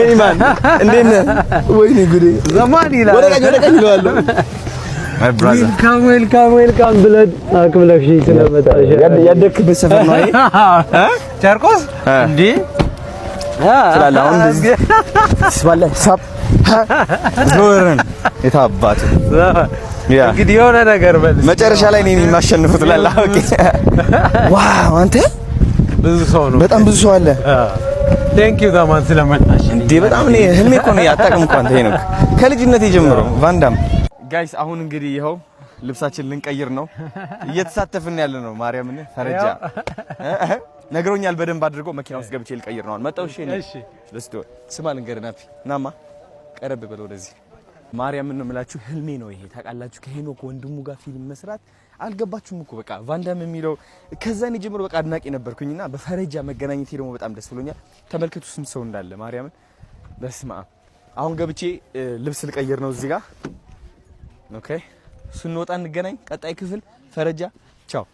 ኤኒማን እንዴት ነህ? ወይኔ ጉዴ ዘማን ይላል። ወደ ቀኝ ወደ ቀኝ እለዋለሁ። ዌልካም ዌልካም ዌልካም ብለን አክብለሽ ስለመጣሽ ያደክበት ሰፈር ነው። አይ ጨርቆስ እንዴ ስላለ አሁን እዚህ ስባለ ሳብ ዞርን የታባት እንግዲህ የሆነ ነገር በል መጨረሻ ላይ እኔን የማሸንፉ ትላለህ። ዋው አንተ ብዙ ሰው ነው፣ በጣም ብዙ ሰው አለ ቴንኪው ዳማን ስለመጣሽ እንዴ በጣም እኔ ህልሜ እኮ ነው ያጣቅም እንኳን ተይ ነው ከልጅነት ጀምሮ ቫንዳም ጋይስ አሁን እንግዲህ ይኸው ልብሳችን ልንቀይር ነው እየተሳተፍን ያለ ነው ማርያምን ፈረጃ ነግሮኛል በደንብ አድርጎ መኪና ውስጥ ገብቼ ልቀይር ነው አሁን መጣው እሺ እሺ ስማ ልንገርህ ናፒ ናማ ቀረብ በለው ወደዚህ ማርያም ነው የምላችሁ፣ ህልሜ ነው ይሄ ታውቃላችሁ። ከሄኖክ ወንድሙ ጋር ፊልም መስራት አልገባችሁም እኮ በቃ ቫንዳም የሚለው ከዛኔ ጀምሮ በቃ አድናቂ ነበርኩኝና በፈረጃ መገናኘቴ ደግሞ በጣም ደስ ብሎኛል። ተመልከቱ ስንት ሰው እንዳለ ማርያምን። በስመ አብ። አሁን ገብቼ ልብስ ልቀይር ነው እዚህ ጋር። ኦኬ፣ ስንወጣ እንገናኝ። ቀጣይ ክፍል ፈረጃ። ቻው።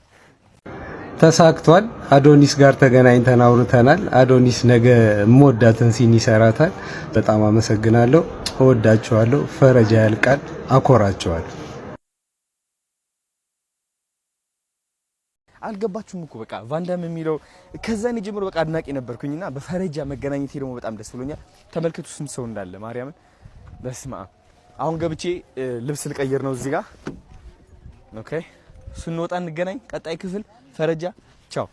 ተሳክቷል። አዶኒስ ጋር ተገናኝተን አውርተናል። አዶኒስ ነገ እምወዳትን ሲን ይሰራታል። በጣም አመሰግናለሁ። እወዳችኋለሁ። ፈረጃ ያልቃል። አኮራችኋለሁ። አልገባችሁም እኮ በቃ ቫንዳም የሚለው ከዛኔ ጀምሮ በቃ አድናቂ ነበርኩኝና በፈረጃ መገናኘቴ ደግሞ በጣም ደስ ብሎኛል። ተመልከቱ ስንት ሰው እንዳለ ማርያምን። በስማ አሁን ገብቼ ልብስ ልቀይር ነው እዚህ ጋር። ኦኬ ስንወጣ እንገናኝ። ቀጣይ ክፍል ፈረጃ። ቻው